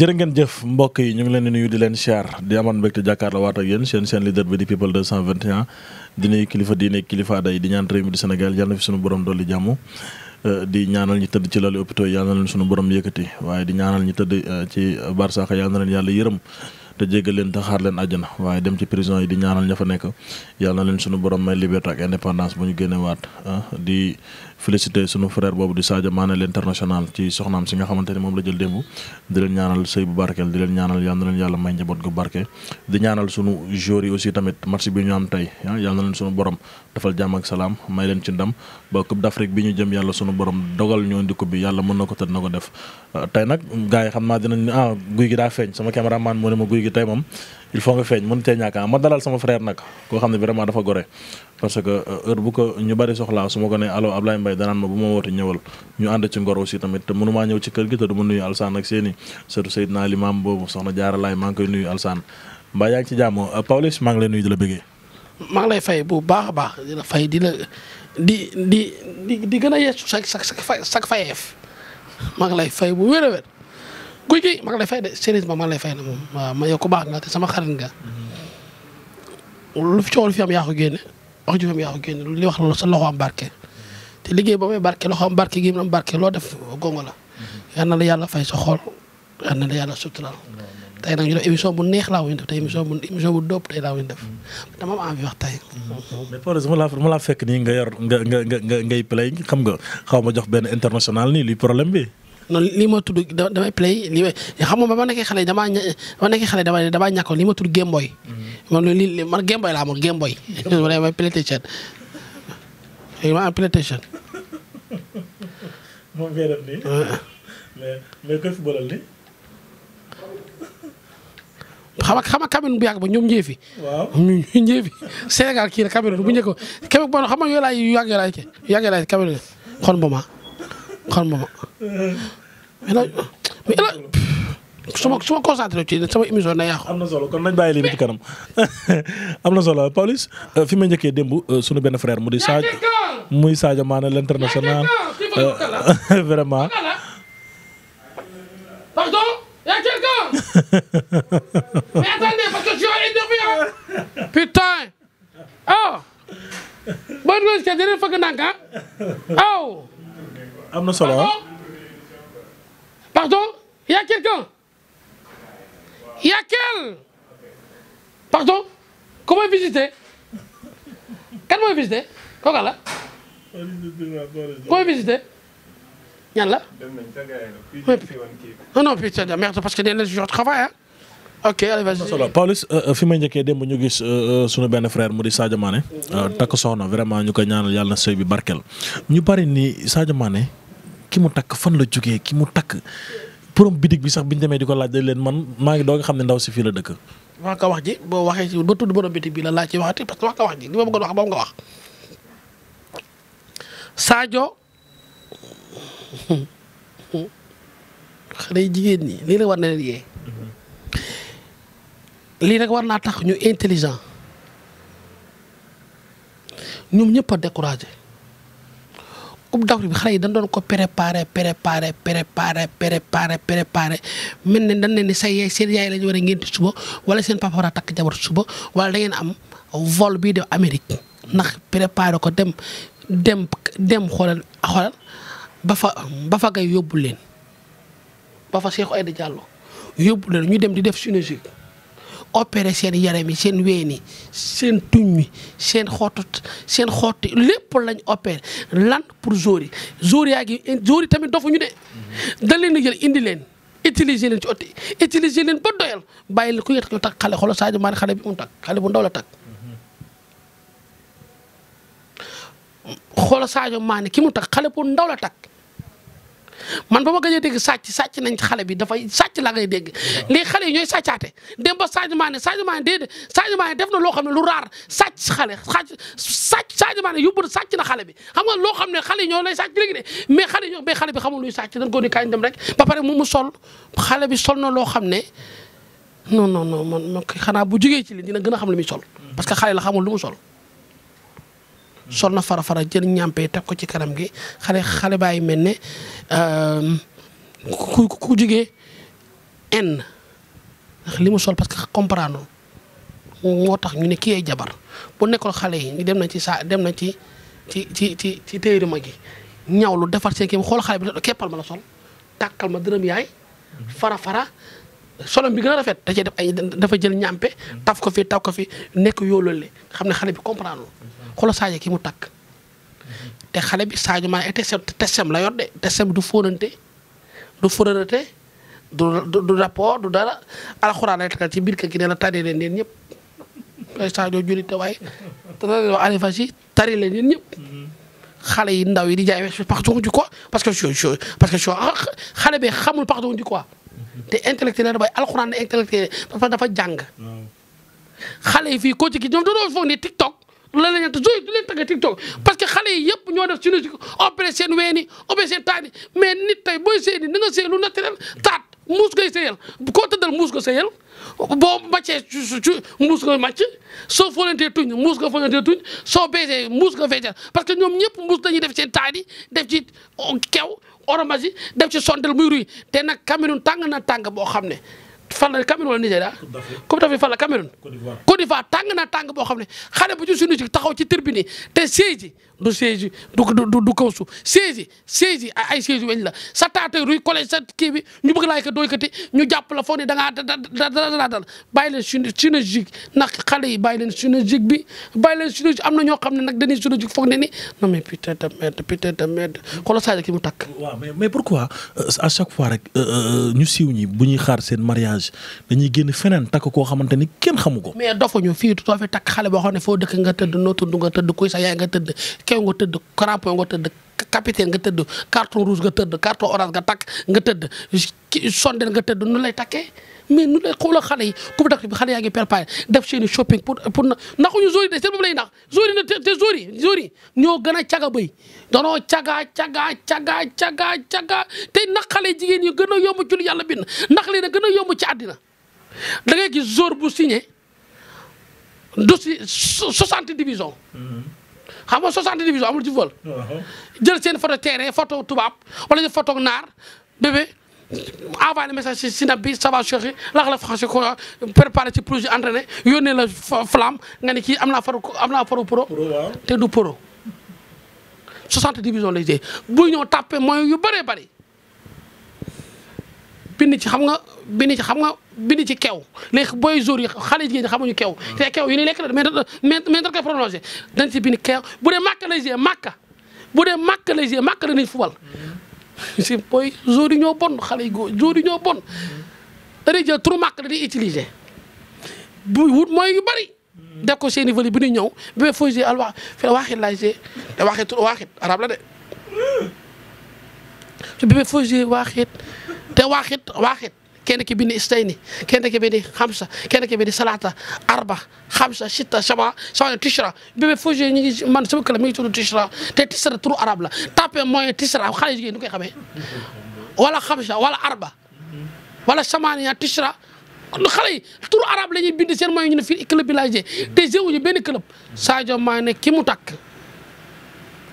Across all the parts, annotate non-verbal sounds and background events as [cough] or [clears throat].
jërë ngeen jëf mbokk yi ñu ngi leen di nuyu di leen siyaar di amoon mbégte jàkkaarloo waat ak yéen seen seen leader bi di people 221 di nuyu kilifa di ñaan réew di Sénégal yal na euh, di ñaanal ñi tëdd ci loolu hôpitaux yal na leen sunu borom yëkkati waaye di ñaanal ñi tëdd euh, ci barsaxa yal na leen yàlla yërëm. te jéggal leen te xaar leen àjjana waaye dem ci prison yi di ñaanal ña fa nekk yàlla na leen sunu borom may liberté ak indépendance bu ñu génnewaat euh, félicité sunu frère boobu di Sadio Mané l'international ci soxnaam si nga xamante ni moom la jël démb di leen ñaanal sëy bu barkeel di leen ñaanal yal na leen yàlla may njaboot gu barke di ñaanal sunu joueurs tamit match bi ñu am tey ah, yal na leen sunu borom defal jàmm ak salaam may leen ci ndam ba coupe d'Afrique bi ñu jëm yàlla sunu borom dogal ñoo indi coupe bi yàlla mën na ko te na ko def tey nag gars xam naa dinañ ah guy gi daa feeñ sama caméraman moo ne il faut nga feeñ mënutee ñàkk ma dalal sama frère nag koo xam ne vraiment dafa gore parce que heure bu ko ñu bari soxlaa su ma ko ne allo Ablaye Mbaye danaan ma bu ma woote ñëwal ñu ànd ci ngor si tamit te mënumaa ñëw ci kër gi te du ma nuyu Alsaan ak seeni surtout Seydina Limaam boobu soxna Jaara Laay maa ngi koy nuyu Alsaan mbaa yaa ngi ci jàmm Pawlish maa ngi lay nuyu di la bëggee maa ngi lay fay bu baax a baax di la fay di la di di di di gën a yeesu sa sa sa maa ngi lay fay bu wér guy gi maa ngi lay fay de sérieusement maa ngi lay fay na moom ma yow ko baax na te sama xarit nga. lu fi coow lu fi am yaa ko wax ju fi am yaa ko wax sa loxo am barke. liggéey ba may barke loxo am barke barke loo def gongo la. yal na la yàlla fay sa xol yal na la yàlla suturaal. tey nag ñu def bu neex laa wuy def tey bu émission bu dóob tey laa wuy def wax tey. mais Pawlish ma laa ma laa fekk nii nga yor nga nga nga ngay xam nga xaw ma jox benn international nii luy problème bi. noonu lii ma tudd damay play lii xam ma nekkee xale damaa ba ma nekkee xale damaa Game Boy. Mm-hmm. man Game Boy laa amoon Game Boy. ma ne ma PlayStation ma am [laughs] ah. bu yàgg ba ñoom ñëwee fi. [laughs] Sénégal kii la bu njëkk a Cameroun boo [laughs] El Hadj mais El Hadj ma su ma ci sama émission na yàqu. am na solo kon nañ bàyyi lii bi ci [laughs] am na solo Pawlish euh, fi ma njëkkee démb euh, sunu benn frère mu di muy Sadio Mané l'international euh, [laughs] vraiment. pardon. [laughs] mais attendez parce que je suis en interview oh. oh. am na solo y a quelqu'un y pardon ku mooy visité kooku àll. parce que nee na euh, euh, fi may njëkkee démb ñu gis euh, sunu benn frère mu di Sadio takk soxna vraiment ñu koy ñaanal yàlla na bi barkeel. ñu bari ni Sadio ki mu takk fan la jógee ki mu takk. borom bitig bi sax bi ñu demee di ko laaj dañ leen man maa ngi doog a xam ne ndaw si fii la dëkk. wax nga wax ji boo waxee ci ba tudd borom bitig bi la laaj ci waxati parce que wax nga wax ji [laughs] jigéen ñi lii rek war na leen yee. lii rek war naa tax ñu intelligent ñoom ñëpp a coupe d'Afrique bi xale yi dañ doon ko préparé préparé préparé préparé préparé mel ne dañ leen ni say yaay seen yaay la ñu war a ngénte suba wala seen papa a takk jabar suba wala da ngeen am vol bii def Amérique ndax préparé ko dem dem dem xoolal xoolal ba fa ba fa ngay yóbbu leen ba fa Cheikh Aïda Diallo yóbbu leen ñu dem di def synergie opéré seen yaram yi seen ween yi seen tuñ yi seen xottu seen xott lépp lañ opéré lan pour zori zori yaa ngi zori tamit dofuñu de dañ leen di jël indi leen utiliser leen ci otti utiliser leen ba bàyyi la ku yet ñu takk xale xoolal Sadio Mané xale bi mu takk xale bu ndaw la takk Sadio Mané ki mu takk xale bu ndaw la takk man ba ma gëj a dégg sàcc sàcc nañ xale bi dafay sàcc la ngay dégg léegi xale yi ñooy sàccaate dem ba Sadio Mané Sadio Mané déedéet Sadio Mané def na loo xam ne lu raar sàcc xale sàcc sàcc Sadio Mané yóbbu na sàcc na xale bi xam nga loo xam ne xale yi ñoo lay sàcc léegi de mais xale yi ñoo mais xale bi xamul luy sàcc dañ ko ni kañ dem rek ba pare mu mu sol xale bi sol na loo xam ne non non non man man xanaa bu jugee ci li dina gën a xam li muy sol parce que xale la xamul lu mu sol sol na fara fara jël ñàmpe teg ko ci kanam gi xale xale bàyyi mel ne euh, ku ku jugee en li mu sol parce que comprendre moo tax ñu ne kii jabar bu nekkoon xale yi dem nañ ci saa dem nañ ci ci ci ci ci téeri ma gi ñaw lu defar seen xool xale bi keppal ma la sol tàkkal ma dërëm yaay fara fara solom bi gën a rafet da cee def ay dafa jël ñàmpe taf ko fi taf ko fi nekk yoo loolu xam ne xale bi comprendre xoolal Sadio ki mu takk te xale bi Sadio Mané ay testem testem la yor de testem du fóonante du fóonante du du rapport du dara alxuraan lay takkal ci biir kër gi ne la tari leen yéen ñëpp ay Sadio jullit waaye te loolu alifas yi xale yi ndaw yi di jaay weesu partout du quoi parce que je parce que ah, xale bi xamul partout du quoi. te intellectuel bay alxuraan ne intellectuel dafa jàng. xale yi fii ko ci kii ñoom dañoo foog ne TikTok. la la ñuy toujours du leen tagg TikTok parce que xale yi yëpp ñoo def ci logique opéré seen weeni opéré seen taat mais nit tey booy sëy ni nga sëy lu naturel taat muus ngay sëyal koo tëddal muus nga sëyal boo màccee muus nga màcc soo fóonantee tuñ muus nga fóonantee tuñ soo beesee muus nga feejal parce que ñoom ñëpp muus dañuy def seen taat yi def ci kew oromage yi def ci sondel muy ruy te nag Cameroun tàng na tàng boo xam ne fan la Cameroun wala Nigéria Coupe d'Afrique fan la Cameroun Côte d'Ivoire tàng na tàng boo xam ne xale bu la sa taata ruy collège sa kii bi ñu bëgg laay ko doykati ñu la foog ne da ngaa da da dal bàyyi leen suñu synergique nag xale am na ñoo xam ne nag dañuy synergique foog ne ni non mais putain de euh, fois rek euh, euh, ñu siiw ñi bu ñuy xaar seen mariage mariage dañuy génn feneen takk koo xamante kenn xamu ko. mais dofuñu fii too fi takk xale boo xam foo dëkk nga tëdd noo tudd nga tëdd kuy sa yaay nga tëdd kew nga tëdd crampon nga tëdd capitaine nga tëdd carton rouge nga tëdd carton orange nga takk nga tëdd sondel nga tëdd nu lay takkee. mais nu lay xoolal xale yi coupe d'Afrique bi xale yaa ngi préparé def seeni shopping pour pour naxuñu zori de seen bopp lay nax zori na te zori zori ñoo gën a caga bay danoo caga caga caga caga caga te nax xale jigéen yi gën a yomb ci lu yàlla bind nax leen a gën a yomb ci àddina da ngay gis zor bu si du si soixante division mm-hmm. xam nga soixante division amul ci vol uh-huh. jël seen photo terrain photo tubaab wala jël photo naar bébé envoyé le message si Snap bi ça va Cheikh lax la faxase ko préparé ci projet entraîné yónnee la flamme nga ne kii am naa faru am naa faru pro te du pro 60 division lay jëy bu ñëw tàppe mooy yu bëree bëri bind ci xam nga bind ci xam nga bind ci kew léegi booy jour yi xale jigéen ñi xamuñu kew ah. te kew yi ni lekk la mais mais dañ koy prolongé dañ ci bind kew bu dee màkk lay jëy màkk bu dee màkk lay màkk la nit fubal hmm. si booy jour yi ñoo bon xale yi góor jour yi ñoo bon. dañuy jël trop màkk dañuy utiliser bu wut mooy yu bëri. def ko seen i vali bi ñuy ñëw bu may fooy see alwaax fii waaxit laay see te waaxit waaxit la de. bi may fooy see waaxit te waaxit waaxit. kenn ki bindi istayni kenn ki bindi xamsa kenn ki bindi salata arba xamsa sitta saba saba tishra bébé Fodjé ñu man sama këla mi ngi tudd tishra te tishra turu arabe la tapé mooy tishra xale jigéen ñi koy xamee wala xamsa wala arba wala samaniya tishra xale yi turu la ñuy bind seen mooy ñu ne fii club bi laay jee te jéewuñu benn club Sadio Mané ki mu takk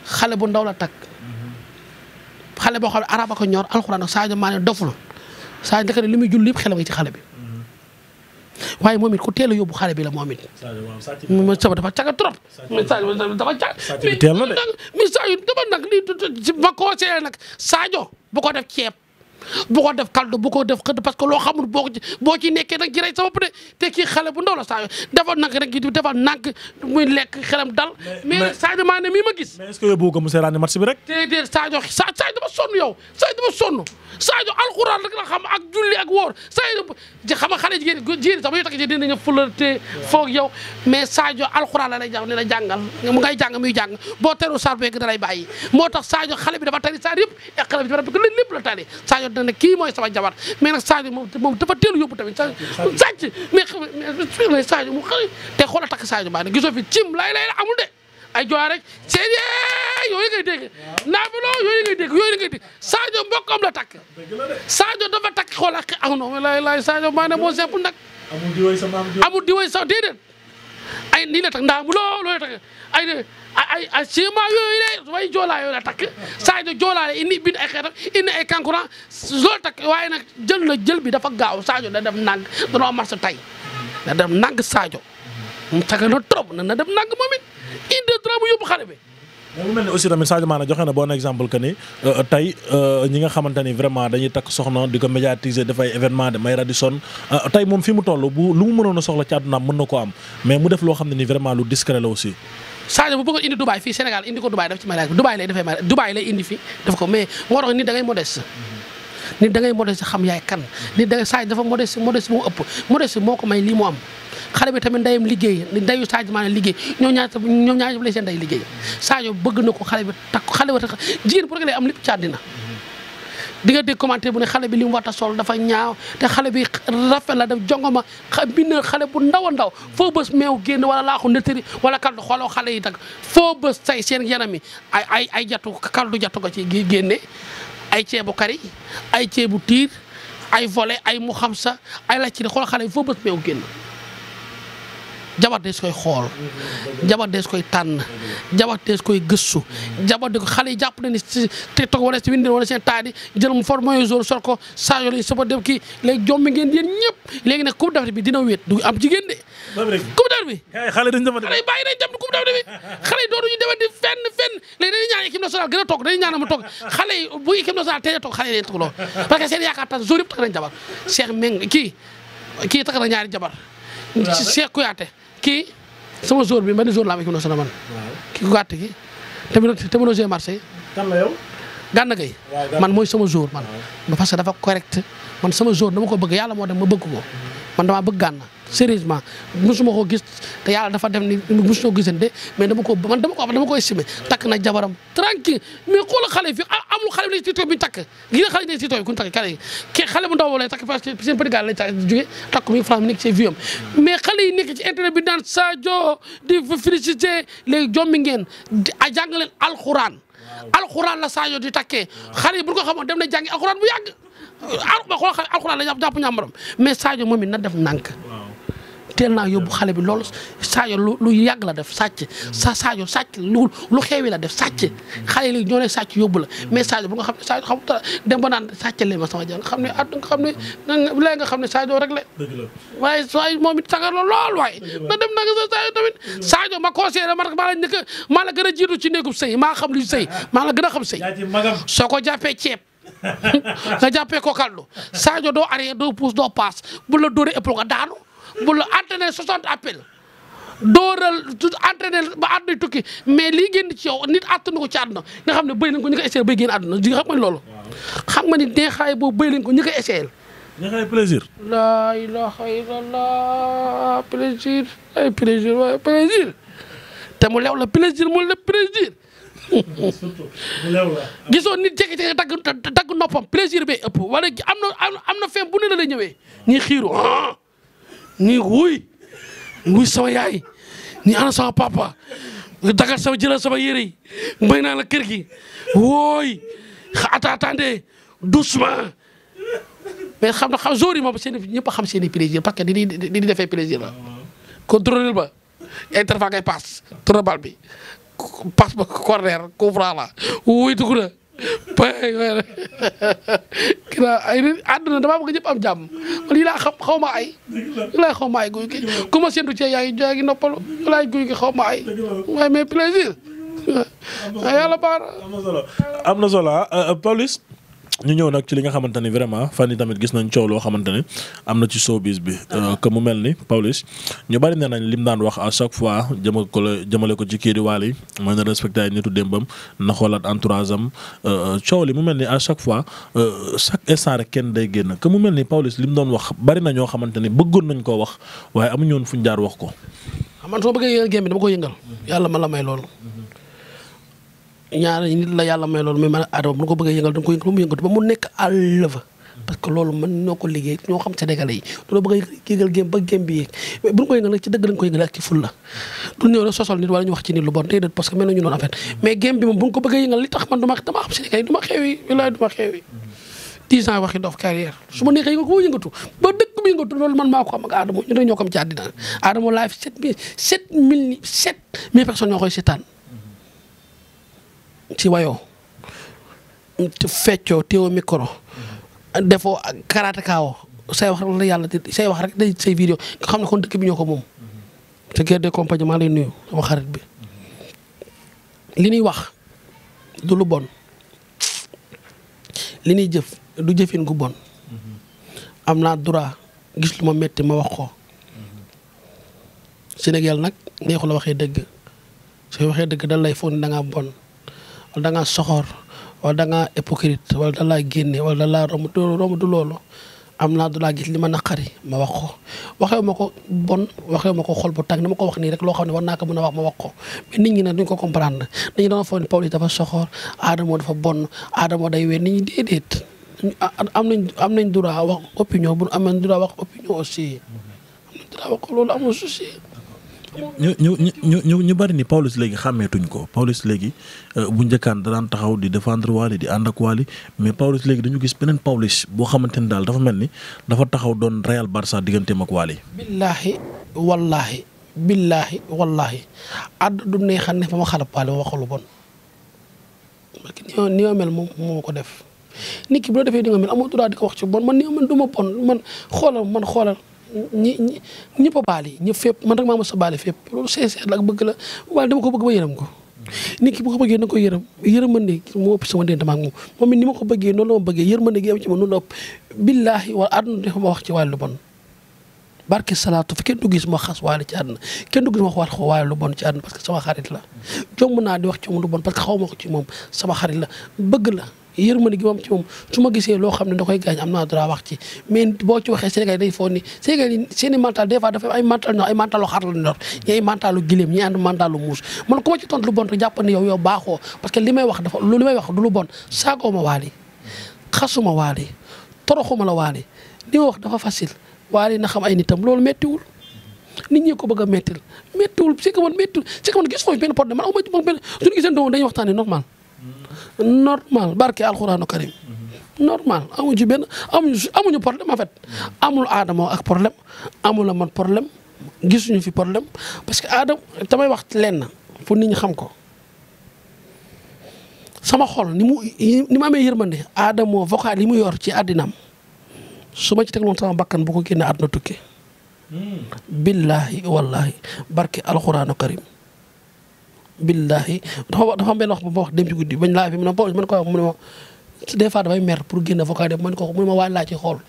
xale bu ndaw la tak xale boo xam ne arabe ko ñor alxuraan ak Sadio doful Sadio ndekete li muy julli yëpp xelam nga ci xale bi mm-hmm. waaye moom it ku teel a yóbbu xale bi la moom it. ma saba dafa caga trop. mais Sadio dafa caga. Sadio teel na de mais Sadio dama nag lii ma conseillé nag Sadio bu ko def ceeb. bu ko def kaldu bu ko def xëdd parce que loo xamul boo ci boo ci nekkee nag ci rey sa bopp de te kii xale bu ndaw la saa defal nag muy lekk xelam dal mais Sadio Mané mii ma gis mais est-ce que yóbbu ko mu seetaan match bi rek déedéet Sadio Sadio dafa sonn yow Sadio dafa sonn Sadio alxuraan la xam ak jàng ne la jàngal mu ngay jàng muy jàng boo teru saar beeg da lay bàyyi moo tax Sadio xale bi dafa tari saar yëpp ak xale bi dafa lépp la tari na ne kii mooy sama jabar mais nag moom te dafa teel yóbbu tamit sàcc mais xam nga Sadio mu xëy te xool a takk Sadio Mané gisoo fi cim lay la amul de ay jowa rek seen yooyu ngay dégg naabuloo yooyu ngay dégg yooyu ngay dégg Sadio mbokkam la takk Sadio dafa takk xool ak ah non lay lay Sadio Mané moo simple di way sa maam amul sa déedéet ay nii la takk naabuloo looy takk ay ay ay ciment yooyu de way joolaa yooyu la takk Sadio joolaa la indi bind ay xeetam indi ay kankuran loolu takk waaye nag jël na jël bi dafa gaaw saajo na dem nang danoo marché tey da dem nang Sadio mu tege na trop na na dem nang moom it indi trop bu yóbbu xale bi. mais mu mel ni aussi tamit Sadio Mané joxe na bon exemple que ni euh, euh, tey euh, ñi nga xamante ni vraiment dañuy takk soxna di ko médiatise dafay événement de may Radisson tey moom fi mu toll bu lu mu mënoon a soxla ci àddunaam mën na ko am mais mu def loo xam ne ni vraiment lu la aussi. Sadio bu bëggoon indi Dubaay fii Sénégal indi ko Dubaay daf ci mariage bi Dubaay lay defee indi fii def ko mais moo tax nit da ngay modeste nit da xam yaay kan nit da ngay Sadio dafa modeste modeste moo ëpp modeste moo ko may lii mu am xale bi tamit ndeyam liggéey ndeyu Sadio Mané liggéey ñoom ñaar ñoom ñaar yëpp lay seen ndey liggéey Sadio bëgg na ko xale bi takk xale bi takk jigéen bu lay am lépp ci àddina di nga dégg commenté bu ne xale bi li mu war a sol dafa ñaaw te xale bi rafet la def jongoma bindal xale bu ndaw ndaw foo bës meew génn wala laaxu nettari wala kaldu xooloo xale yi dag foo bës say seen yaram yi ay ay ay jatu kaldu jatu ko ci génne ay ceebu kari ay ceebu tiir ay vole ay mu xam sa ay la ci xool xale yi foo bës meew génn jabar dees koy xool jabar dees koy tànn jabar dees koy gëstu jabar di ko xale yi jàpp ne ni si TikTok wala si Windows wala seen taadi jël mu for mooy jour sor ko saajol yi sapa def kii léegi jom bi dina wéet du am jigéen de coupe d'Afrique bi xale yi bàyyi nañ dem coupe d'Afrique bi xale yi doonuñu demee di fenn fenn léegi dañuy ñaan équipe nationale gën a toog dañuy ñaan mu jabar Cheikh Meng kii kii jabar Cheikh Kouyaté kii sama jour bi benn jour la am équipe nationale man. ki ku gàtt ki te mënoo te mënoo joué Marseille. kan la yow. Gana Gueye man mooy sama jour ba parce que dafa correct man sama jour dama ko bëgg yàlla moo dem ma bëgg ko mm-hmm. man damaa bëgg Gana. sérieusement musuma ko gis te yàlla dafa def ni musuma ko gisante mais dama ko man dama ko dama ko estimé takk na jabaram tranquille mais xool xale fi ah, amul xale bu nekk si tooy takk gis nga nekk si tooy ku ñu takk xale ke xale bu ndaw lay takk parce que seen petit gars lay takk jóge takk nekk ci vieux mais xale yi nekk ci internet bi daan Sadio di félicité léegi jommi ngeen a jàngaleen alxuraan alxuraan la Sadio di takkee xale yi bu ko xamoon dem na jàngi alxuraan bu yàgg al xool xale alxuraan la jàpp jàpp ñàmbaram mais Sadio moom mi na def ndànk teel naa yóbbu xale bi lool saajo lu lu yàgg la def sàcc sa Sadio sàcc lu lu xewi la def sàcc xale yi ñoo lay sàcc yóbbu la mais Sadio bu nga xam ne Sadio xamut dara dem ba naan sàcc leen ma sama jàng xam ne at xam ne nga xam ne Sadio rek la waaye waaye moom it sagar la lool waaye na dem nag sa Sadio tamit saajo ma conseillé ma maa la njëkk la gën a jiitu ci néegub sëy maa xam luy sëy ah. maa la gën a xam sëy soo ko jàppee ceeb [laughs] nga jàppee ko kaldu Sadio doo arrière doo pousse doo passe bu la dóoree ëpp nga daanu bu la entraîné 60 appels dooral entraîné ba àdduna tukki mais lii génn ci yow nit attanu ko ci àdduna nga xam ne béy nañ ko ñu koy essayé bay génn àdduna ji xam nga xam nga ni neexaay boobu béy nañ ko ñu koy essayé. neexaay plaisir. laa ilaha illallah te mu lew la plaisir mu lew plaisir. surtout [laughs] gisoo nit jékki-jékki dagg dagg noppam plaisir bay ëpp wala am na am na feem bu ne la lay ñëwee ñuy xiiru ah. ñuy wuy wuy sama yaay ñuy ana sama papa dagal sama jëlal sama yére yi naa la kër gi wooy ata attendez doucement mais xam na xam jour yi moom seen ñëpp a xam seen i plaisir parce que li ñuy defee plaisir la contrôler ba interfa ngay paas tourne bal ba corner couvra la wuy dugg na bay wala [laughs] ginnaaw ay àdduna damaa bëgg ñëpp am jàmm lii laa xam xaw ma ay xaw ma ay guy gi ku ma séntu cee yaa ngi yaa ngi noppalu laay guy gi xaw ma ay waaye plaisir yàlla na solo am ah, euh, ñu ñëw nag ci li nga xamante ni vraiment fan yi tamit gis nañ coow loo xamante ni am na ci showbiz bi. Euh, uh-huh. que mu mel ni Pawlish ñu bari nee nañ lim daan wax à chaque fois jëmale ko jëmale ko ci kii di Wally mooy na respecté ay nitu démbam na xoolaat entourage am euh, euh, coow li mu mel ni à chaque fois chaque instant rek kenn day génn que mu mel ni Pawlish lim doon wax bari na ñoo xamante ni bëggoon nañ koo wax waaye amuñu woon fuñ jaar wax ko. man soo bëggee génn bi dama ko yëngal mm-hmm. ma la ñaari nit la yàlla may loolu muy man Adama bu ñu ko bëggee yëngal dañ ko yëngal mu yëngatu ba mu nekk à l'œuvre parce que loolu man ñoo ko liggéey ñoo xam Sénégalais yi du bëgg a yëngal gém ba gém bi yéeg mais bu ñu ko yëngal nag ci dëgg lañ ko yëngal ak ci ful la du ñëw rek sosol nit wala ñu wax ci nit lu bon tey déet parce que mel na ñu noonu en fait mais gém bi moom bu ñu ko bëggee yëngal li tax man duma dama xam Sénégalais du ma xewi wallaay du ma xewi dix ans waxi dof carrière su ma neexee yëngal ko yëngatu ba dëkk bi yëngatu loolu man maa ko am ak Adama ñu ne ñoo ko am ci àddina Adama laay sept mille sept mille sept mille personnes ñoo koy seetaan ci wayoo te feccoo teewoo micro defoo karaatekaawoo say wax rek la yàlla say wax rek day say vidéo nga xam ne kon dëkk bi ñoo ko moom. te guerre de compagnie maa lay nuyu sama xarit bi li ñuy wax du lu bon li ñuy jëf du jëfin gu bon am naa droit gis lu ma metti ma wax ko. Sénégal nag neexu la waxee dëgg soo waxee dëgg da lay foog ne da ngaa bon. wala da ngaa soxor wala da ngaa hypocrite wala da laa génne wala da laa romb du romb du loolu am naa du laa gis li ma naqari ma wax ko waxee ma ko bon waxee ma ko xol bu tàng dama ko wax ni rek loo xam ne war naa ko mën a wax ma wax ko ni ñi nag duñ ko comprendre nit ñi dana foog ne Pawlish dafa soxor Adamo dafa bon Adamo da wéy nit ñi déedéet am nañ am nañ droit wax opinion bu amee droit opinion am nañ droit wax ko loolu amul souci ñu ñu ñu ñu ñu bëri ni Pawlish léegi xàmmeetuñ ko Pawlish léegi euh, bu njëkkaan da daan taxaw di défendre Wally di ànd ak Wally mais Pawlish léegi dañu gis beneen Pawlish boo xamante ni daal dafa mel ni dafa taxaw doon Real Barça digganteem ak Wally. billaahi wallaahi billaahi wallaahi àdd du neexal ne fa ma xarab Wally waxul bon ni ma mel moom moo ko def nit ki bu la defee ni nga mel amoo droit di ko wax ci bon man ni ma mel du ma bon man xoolal man xoolal. ñi ñëpp a baal yi ñëpp fépp man rek maa mos a baale fépp loolu sincère la ak bëgg la waaye dama ko bëgg ba yërëm ko nit ki bu ko bëggee na ko yërëm yërëmande moo ëpp sama dente maag moom ni ma ko bëggee noonu la ma bëggee yërëmande gi am ci ma noonu la ëpp billaahi wala àdduna dafa wax ci wàllu bon barke salaatu fi kenn du gis ma xas waale ci àdduna kenn du gis ma wax waale lu bon ci àdduna parce que sama xarit la jomm naa di wax ci moom lu bon parce que xaw ma ko ci moom sama xarit la bëgg la yërmande gi moom ci moom su ma gisee loo xam ne da koy gaañ am naa droit wax ci mais boo ci waxee Sénégal day foog ni Sénégal yi ay mental ñor ay mentalu giléem muus man ku ma ci tontu lu bon te jàpp ne yow yow baaxoo parce que li wax dafa lu li may wax du lu bon saagoo ma waali xasuma waali toroxuma la waali li ma wax dafa facile waali na xam ay nitam loolu méttiwul nit ñi ko bëgg a méttil méttiwul c'est que man méttiwul c'est que man gis foofu benn porte man aw ma benn suñu giseen doom normal barke alxuraanu karim normal amuñu ci benn amuñu amuñu problème en fait amul aadama ak problème amul man problème gisuñu fi problème parce que aadama damay wax lenn pour nit ñi xam ko sama xol ni mu ma amee yërmande aadama vocal yi mu yor ci àddinaam su ma ci teg tegloon sama bakkan bu ko génne àdduna tukki. Hmm. billahi wallahi barke alxuraanu karim. billahi dafa dafa am benn wax bu ma wax dem ci guddi bañ laa fi mu ne Pawlish man ko wax mu ne ma des fois dafay mer pour génn vocal dem man ko mu ne ma waa laa ci xool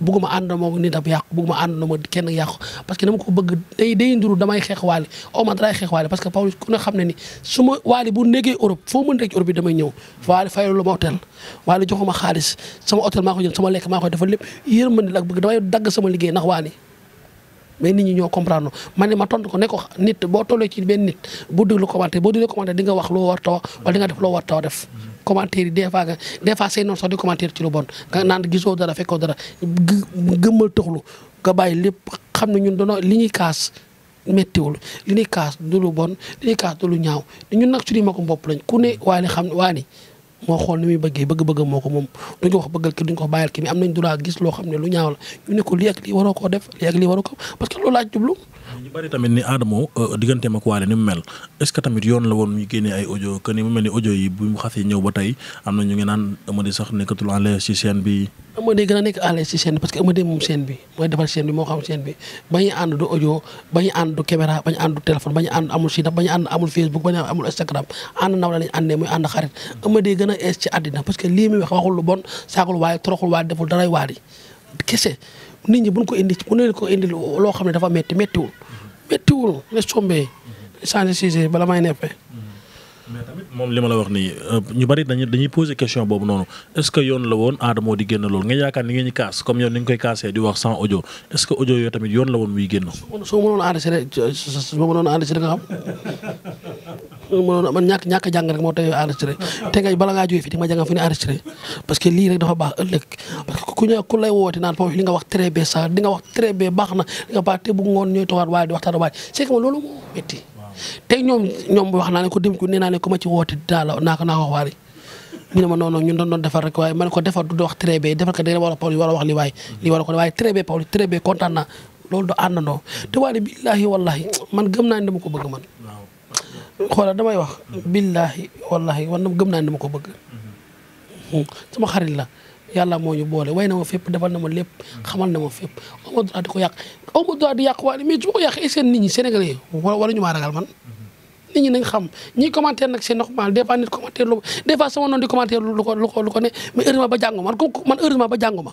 bugguma ànd moom nit ab yàqu bugguma ànd moom kenn yàqu parce que dama ko bëgg day day nduru damay xeex waali o man daay xeex waali parce que Pawlish ku ne xam ne ni su ma waali bu nekkee Europe foo mën rek Europe bi damay ñëw waali fayalu ma hôtel waali joxuma xaalis sama hôtel maa ko jël sama lekk maa koy defal lépp yërmande ak bëgg damay dagg sama liggéey ndax waali mais nit ñi ñoo comprendre man ni ma tontu ko ne ko nit boo tollee ci benn nit bu déglu commentaire boo déglu commentaire di nga wax loo war taw wala di nga def loo war taw def commentaire yi des fois nga des fois say noonu sax di commentaire ci lu bon nga gisoo dara fekkoo dara gëmmal toxlu nga bàyyi lépp xam ne ñun dono li ñuy kaas méttiwul li ñuy kaas du lu bon li lu ñaaw ñun nag suñu ma ko bopp lañ ku ne waa li xam waa ni moo xool ni muy bëggee bëgg-bëgg moo ko moom duñu ko wax bëggal ki duñu ko bàyyal ki mais am nañ droit gis loo xam ne lu ñaaw la ne ko lii ak lii waroo koo def lii lii waroo ko parce que loolu laa jublu bari tamit ni Adamo euh, digganteem ak Wally ni mu mel est-ce que tamit yoon la woon ñu génnee ay audio que ni mu mel ni audio yi bu mu xasee ñëw ba tey am na ñu ngi naan Amady sax nekkatul à l'aise ci scène bi. Amady gën a amul Sina ba ñu ànd amul Facebook ba ñu amul Instagram ànd naw la lañ àndee muy ànd xarit Amady gën a aise ci àddina parce que lii muy wax lu bon saakul waaye toroxul waaye deful daray waari kese nit ñi ko indi bu ne ko indi loo xam ne dafa metti mettiwul méttiwul nga sombee. changé Cissé bala may neppe moom li ma la wax nii euh, ñu bari dañuy dañuy poser question boobu noonu est-ce que yoon la woon aada moo di génn loolu nga yaakaar ni ngeen ñu kaas comme yow ni nga koy kaasee di wax woon muy génn. soo mënoon a enregistré soo mënoon a enregistré nga xam ñàkk ñàkk jàng rek moo tey enregistré te ngay bala ngaa jógee ma jàngal fi ne enregistré parce que lii rek dafa baax ëllëg parce nga wax très bien sax nga wax très na di nga baax te bu ngoon ñooy toogaat waaye loolu moo metti tey ñoom ñoom wax naa ne ko dem ko nee naa ne ko ma ci woote daa la naa ko naa ko wax waari ñu ne ma noonu ñun doon doon defar rek waaye man ko defar du wax très bien defar ko da war a Pawlish war a wax li waay li war a ko waaye très bien Pawlish très bien kontaan naa loolu du àndandoo te waaye billaahi wallaahi man gëm naa ne dama ko bëgg man xoolal damay wax billaahi wallaahi wan gëm naa ne dama ko bëgg mm-hmm. sama xarit la yàlla moo ñu boole way na ma fépp defal na ma lépp xamal na ma fépp aw ma ko yàq aw ma droit di yàq waale mais su ma ko yàqee seen nit ñi sénégalais wala ñu maa ragal man nit ñi nañ xam ñi commentaire nag c'est normal des fois nit commentaire lu des sama noonu di commentaire lu ko lu ko lu ko ne ma heureusement ba jàngu man ko man ma ba jàngu ma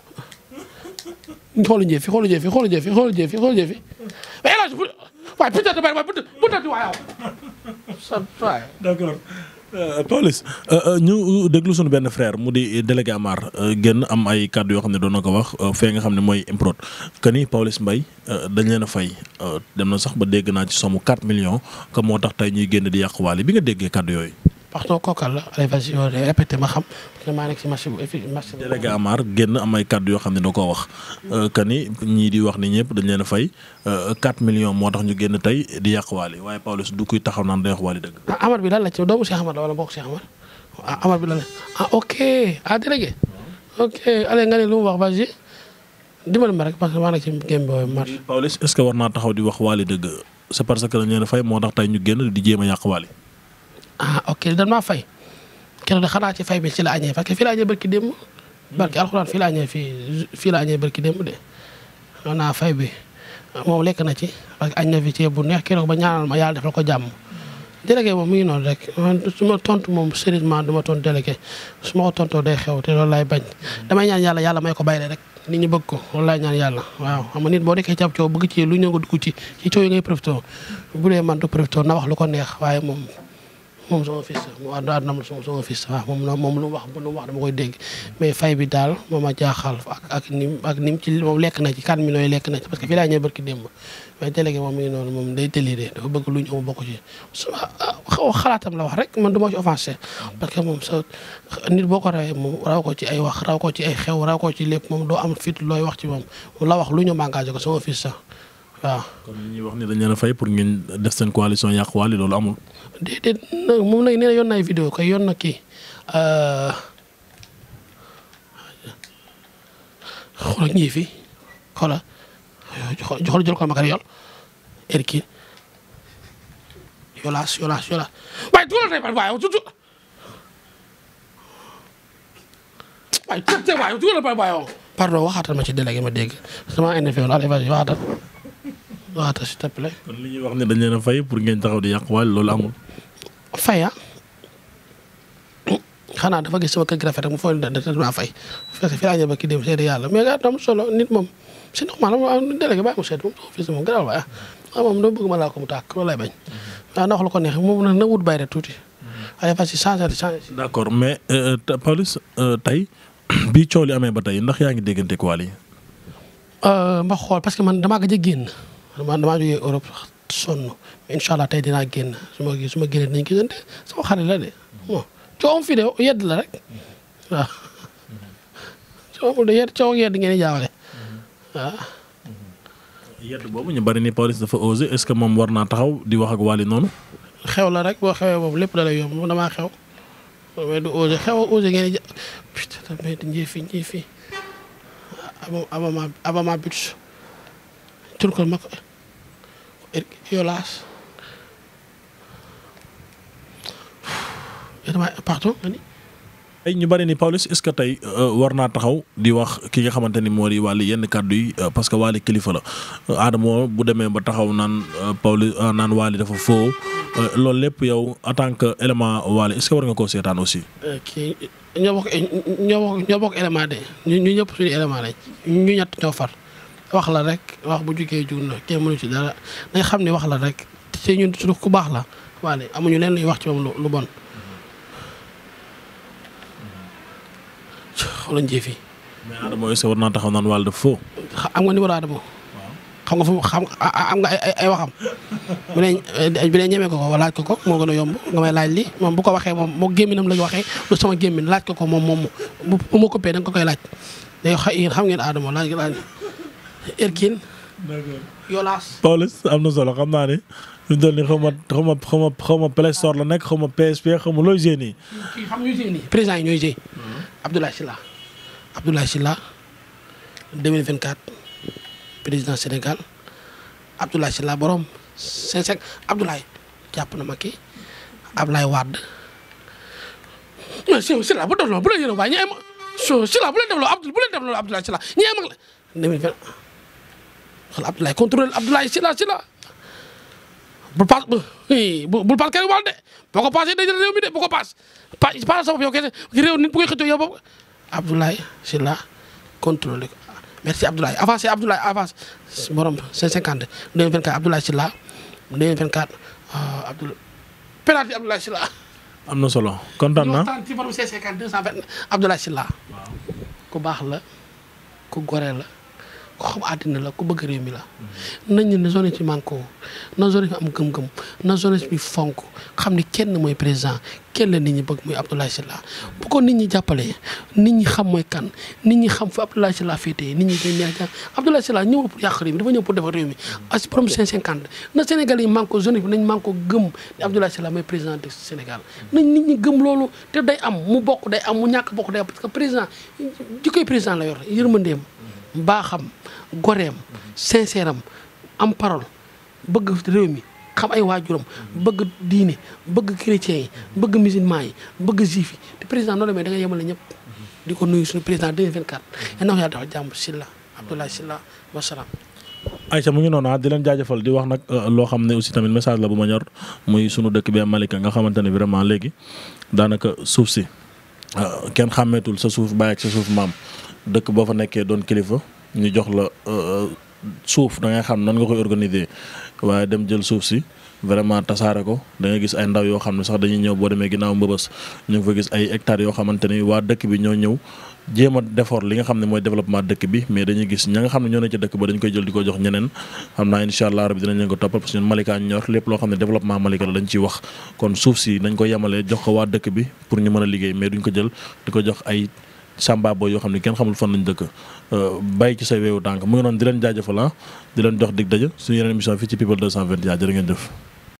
xoolu njëfi xoolu fi xoolu njëfi xoolu njëfi xoolu njëfi mais El Hadj bu waaye bu tëdd waaye waaye sant waay. ñu déglu suñu benn frère mu di délégué Amar euh, génn am ay kàddu yoo xam ne doon na ko wax euh, fee nga xam ne mooy Improd que ni Pawlish Mbaye euh, dañ leen a fay dem na sax ba dégg naa ci somme 4 millions que moo tax tey ñuy génn di yàquwaale bi nga déggee kàddu yooyu. partout kookal la allez vas ma xam maa nekk si marché bu marché am ay kàddu wax mm. euh, que ni ñii di wax ni ñëpp dañ leen a fay 4 euh, millions moo tax ñu génn tey di yàq Wally waaye Pawlish du taxaw naan day wax Wally dëgg. Ah, bi lan la ci doomu Cheikh Amar la ah, bi la ah ok ah délégué mm. nga ne lu mu wax vas-y dimbali ma rek parce que maa war naa taxaw di wax Wally dëgg leen a fay moo tax tey ñu génn di jéem a yàq Wally ah ok dan maa fay keroog de xanaa ci fay bi ci la añee parce que fii la añee barki démb barki alxuraan fii la añee fii fii la añee barki démb de xam naa fay bi moom lekk na ci parce que añ na fi ceeb bu neex keroog ba ñaanal ma yàlla defal ko jàmm délégué moom mi ngi noonu rek su ma tontu moom sérieusement du ma tontu délégué su ma ko tontoo day xew te loolu laay bañ damay ñaan yàlla yàlla may ko bayle rek nit ñi bëgg ko loolu laay ñaan yàlla waaw xam nga nit boo nekkee ci ab coow bëgg ci lu ñëw nga dugg ci ci coow yi ngay profité bu dee man du profité na wax lu ko neex waaye moom moom sama fils waaw daal na sama fils moom lu mu wax lu mu wax dama koy dégg mais fay bi daal moom a jaaxal ak ak nim ak nim moom lekk na ci 4 millions yi lekk na ci parce que fii laa moom mi ngi noonu moom day déliré dafa bëgg lu ñëw bokk ci ah, ah, xaw xalaatam la wax rek man du moo ci offensé parce que moom sa nit boo ko rawee moom raw ko ci ay wax raw ko ci ay xew raw ko ci lépp moom doo am fit looy wax ci moom la wax lu ñëw engagé ko sama sax waaw kon li ñuy wax ni dañ leen a fay pour ngeen def seen coalition yàq Wally loolu amul. déedéet moom nag nee na yoon na ay vidéo kay yoon na kii euh, xoolal ñii fi xoolal xoolal jël ko Makar yool erki yolaas yolaas yolaas waaye tuural tey waaye waaye tuutu waaye tuural tey waaye tuural tey waaye pardon waxaatal ma ci délégué ma dégg sama NFA wala waxaatal waaw te s'il li ñuy wax ne dañ leen a fay pour ngeen taxaw di yàq waal loolu amul. fay ah xanaa dafa gis sama kër gi rafet mu foog ne da yàlla mais daa solo nit moom c'est normal moom délégué bàyyi mu seet moom fii si moom a waay bëgg ma laa ko mu tàkk loolu lay bañ. waaw ndax lu ko neexee moom nag na wut bàyyi rek tuuti. Mm-hmm. ay fas yi changé changé. d'accord mais euh, euh, Pawlish euh, tey [clears throat] bi coow amee ba tey ndax yaa ngi dégganteeg waal yi. ma xool parce que man damaa gëj a génn. dama damaa jógee Europe sonn incha tey dinaa génn su ma su ma génnee dinañ gisante sama xarit la de bon coowam fii de yedd la rek waaw coowam de yedd coow yedd ngeen di jaawale waaw. yedd boobu ñu bari ni Pawlish dafa osé est-ce que moom war naa taxaw di wax ak Wally noonu. xew la rek boo xewee boobu lépp da lay yomb damaa xew mais du osé xew a ngeen di ja putain mais njëfi abama abama but turkol makko er, violence pardon ay ñu bari ni Pawlish est-ce que tey euh, war naa taxaw di wax ki nga xamante ni moo di Wally yenn kàddu yi euh, parce que Wally kilifa la euh, Adamo bu demee ba taxaw naan Pawlish naan Wally dafa faux loolu lépp yow en tant que élément Wally est war nga koo seetaan aussi. ñoo bokk élément de ñu ñëpp suñu élément lañ ñu ñett ñoo far. wax la rek wax bu jugee jug na kenn mënu ci dara nañ xam ne wax la rek te ñun suñu ku baax la waaye amuñu leen luy wax ci moom lu bon. xoolal njëf yi. mais Adama Ousseyn war naa taxaw naan Wally dafa faux. am nga numéro Adama. xam nga xam am nga ay ay waxam. bu ne bu eh, dee ñeme ko ko laaj ko ko moo gën a yomb nga may laaj li moom bu ko waxee moom moo gémminam la ñu waxee lu sama gémmin laaj ko ko moom moom bu ma coppee da ko koy laaj day xam ngeen Adama laaj laaj. Erkin. d'accord Yolas. am na solo xam naa ne xaw ma xaw ma xaw ma xaw ma Play Store la nekk xaw ma PSP xaw ma looy génne. kii xam président yi ñooy génne. Hmm. Abdoulaye Sylla Abdoulaye Sylla 2024 président Sénégal Abdoulaye Sylla borom Sénégal Abdoulaye jàpp na ma kii Abdoulaye Wade. ay ma Sylla bu leen def loolu Abdoulaye bu leen def loolu Abdoulaye Sylla ñu ay mag la xanaa Abdoulaye contrôlé la si la bul paas bul paas kenn wàll mi de boo ko paas paas paasal sa bopp yow kese réew nit bu koy xëccoo yow boobu Abdoulaye si la merci Abdoulaye avancé Abdoulaye avance morom 550 2024 Abdoulaye si la 2024 Abdoulaye penalty Abdoulaye si na solo kontaan naa ñoo baax la ku gore ku xam àddina la ku bëgg réew mi la nañ ne na jeunesse bi na jeunesse bi am gëm-gëm na jeunesse bi fonk xam ne kenn mooy président kenn la ni ñu bëgg muy Abdoulaye Sylla ko nit ñi jàppalee nit ñi xam mooy kan nit ñi xam fi Abdoulaye Sylla féetee nit ñi dañ neex jàng Abdoulaye Sylla ñëwul pour yàq réew mi dafa ñëw pour defar réew mi as borom 550 na Sénégal yi nañ manqué gëm ne Abdoulaye mooy président du Sénégal nañ nit ñi gëm loolu te day am mu bokk day am mu ñàkk bokk day am parce que président jikkoy président la yor yërmandeem baaxam goreem sincère am am parole bëgg réew mi xam ay waajuram bëgg diine bëgg chrétien yi bëgg musulman yi bëgg juif yi te président noonu mais da nga yemale ñëpp di ko nuyu suñu président 2024 yal na ko yàlla tax jàmm Sylla Abdoulaye Sylla wasalaam Aïcha mu ngi noonu ah, di leen jaajëfal di wax nag euh, loo xam ne aussi tamit message la bu ma ñor muy suñu dëkk bi Malika nga xamante ne vraiment léegi daanaka suuf si euh, kenn xàmmeetul sa suuf baay ak sa suuf maam dëkk boo fa nekkee doon kilifa ñu jox la euh, suuf da ngay xam nan nga koy organiser waaye dem jël suuf si vraiment tasaare ko da nga gis ay ndaw yoo xam ne sax dañu ñëw boo demee ginnaaw mbëbës ñu ngi gis ay hectares yoo xamante ni waa dëkk bi ñoo ñëw jéem a defar li nga xam ne mooy développement dëkk bi mais dañuy gis ña nga xam ne ñoo ne ci dëkk ba dañ koy jël di ko jox ñeneen xam naa incha allah rabi dinañ leen ko toppal parce que ñun ñor lépp loo xam ne développement Malika la dañ ciy wax kon suuf si nañ ko yemale jox ko waa dëkk bi pour ñu mën a liggéey mais duñ ko jël di ko jox ay samba yoo xam ne kenn xamul fan lañ dëkk euh, bàyyi ci sa weewu tànk mu ngi noonu di leen jaajëfal ah, di leen jox dig su suñu yeneen émission fii ci people 221 jërë ngeen jëf